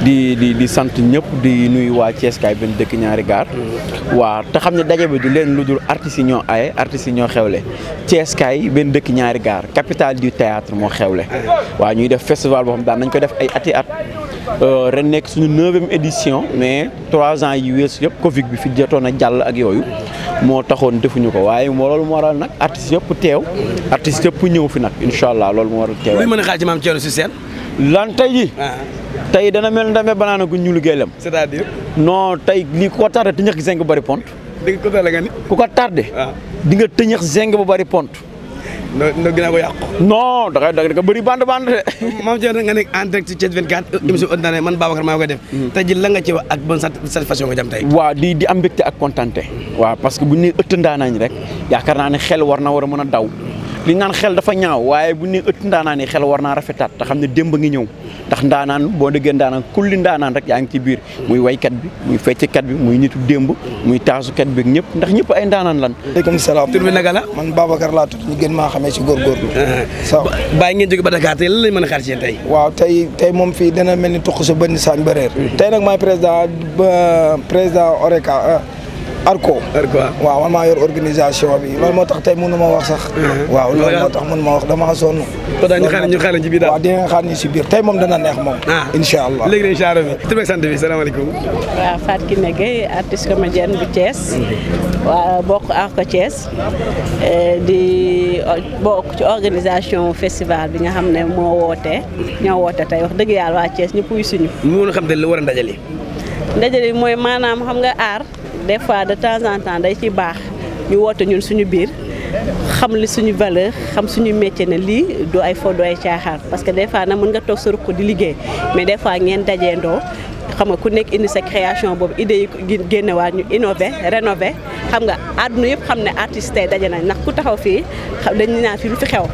di di di sant ñëpp di nuyu waa ceeskaay kaay benn dëkk ñaari gaar waaw te xam ne daje du leen lu dul artistes yi ñoo aye artistes ñoo xewle ceeskaay benn dëkk ñaari gaar capitale du théâtre moo xewle waaw ñuy def festival boo xam daan nañ ko def ay ati at Euh, ren nekk suñu neuvième édition mais trois ans yi weesu yëpp Covid bi fi jotoon a jàll ak yooyu moo taxoon defuñu ko waaye loolu moo waral nag artistes yëpp teew artistes yëpp ñëw fi nag incha allah loolu moo waral teew. luy mën a xaar ci maam Thierno si seen. lan tey ji ah. tey dana mel ndame banaana gu ñu liggéey lam c'est-à-dire. non tey lii ko tardé tëñëx gi zeng bu bari pont. dégg ko tardé ku ko tardé. di nga tëñëx zeng bu bari pont. na gën a ko yàqu. non da da nga bëri bande bande de. maam Thierno nga nekk en direct ci Thiès 24. Mm. émission ordinaire man Babacar maa ngi koy def. Mm. tey la nga ci wax ak bonne satisfaction nga jam tey. waa di di am mbégte ak kontaante. waaw parce que bu ñu nee ëtt ndaanaañ rek yaakaar naa ne xel war na war a mën a daw. li naan xel dafa ñaaw waaye bu ne ëtt ndaanaan yi xel war naa rafetaat te xam ne démb ngi ñëw ndax ndaanaan boo déggee ndaanaan kulli ndaanaan rek yaa ngi ci biir muy kat bi muy kat bi muy nitu démb muy taasukat bi ñëpp ndax ñëpp ay ndaanaan lan aleykum salaam tur bi naka la man Babacar laa tudd ñu gën maa xamee si góorgóorlu sa uh-huh. baa ngeen jóge ba Dakar tey lan lañ mën a xaar ci tey waaw tey moom fii dana mel ni tuq sa bënn saañ ba réer tey nag maay président président ORECA euh, Arco. Arco waaw man maa yor organisation bi loolu moo tax tey na ma wax sax. Uh-huh. waaw loolu moo tax mënu ma wax damaa sonn. kon daal ñu xaar ñu biir daal waaw dinañ xaar ñu si biir tey moom dana neex moom. Ah. incha allah léegi nag incha allah. tur beeg sant bi salaamaaleykum. waaw Fatou Kiné bu Thiès. bokk Arco Thiès. Eh, di ci organisation festival bi nga xam ne moo woote. ñoo woote tey wax dëgg yàlla waa Thiès ñëpp wuyu suñu. mu mën a xam te lu war a ndajale. ndajale mooy maanaam xam nga aar. des fois de temps en temps day ci baax ñu woote ñun suñu biir xam li suñu valeur xam suñu métier ne lii du ay fo du ay caaxaan parce que des fois nag mën nga toog sa ruq di liggéey mais des fois ngeen dajeendoo xam nga ku nekk indi sa création boobu idée yi génnewaat ñu innové rénové xam nga àdduna yëpp xam ne artiste tey daje nañ ndax ku taxaw fii xam dañu naan fi lu fi xew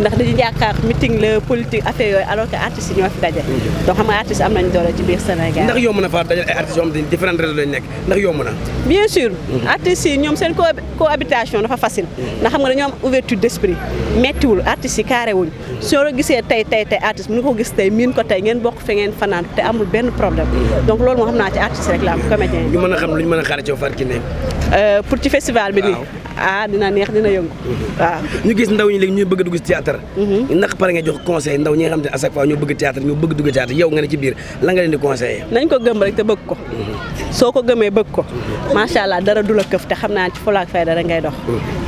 ndax dañu yaakaar meeting la politique affaire yooyu alors que artistes yi ñoo fi daje xam nga artistes am nañ doole ci biir Sénégal na fa daje ay artistes yoo xam ne différents réseaux lañ nekk na yi ñoom seen cohabitation dafa facile ndax xam nga dañoo am ouverture d'esprit méttiwul artistes yi carré wuñ soo gisee tey tey tey artiste mënu ko gis tey miin ko tey ngeen bokk fe ngeen fanaan te amul benn problème donc loolu moo xam naa ci artiste rek la am comédien ñu mën a xam lu ñu mën a xaar ci far ki euh, ci festival bi nii ah dina neex dina yëngu mhm. waaw ñu gis ndaw ñi léegi ñuy bëgg a dugg théâtre mhm. ndax pare nga jox conseil ndaw ñi xam ne à chaque fois ñoo bëgg théâtre ñoo bëgg dugg théâtre yow nga ne ci biir la nga leen di conseillé nañ ko gëm rek te bëgg ko mhm. soo ko gëmee bëgg ko macha allah dara du këf te xam naa ci fulaak fay dara ngay dox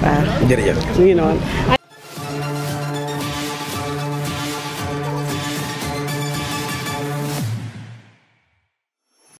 waaw jërëjëf ñu ngi noonu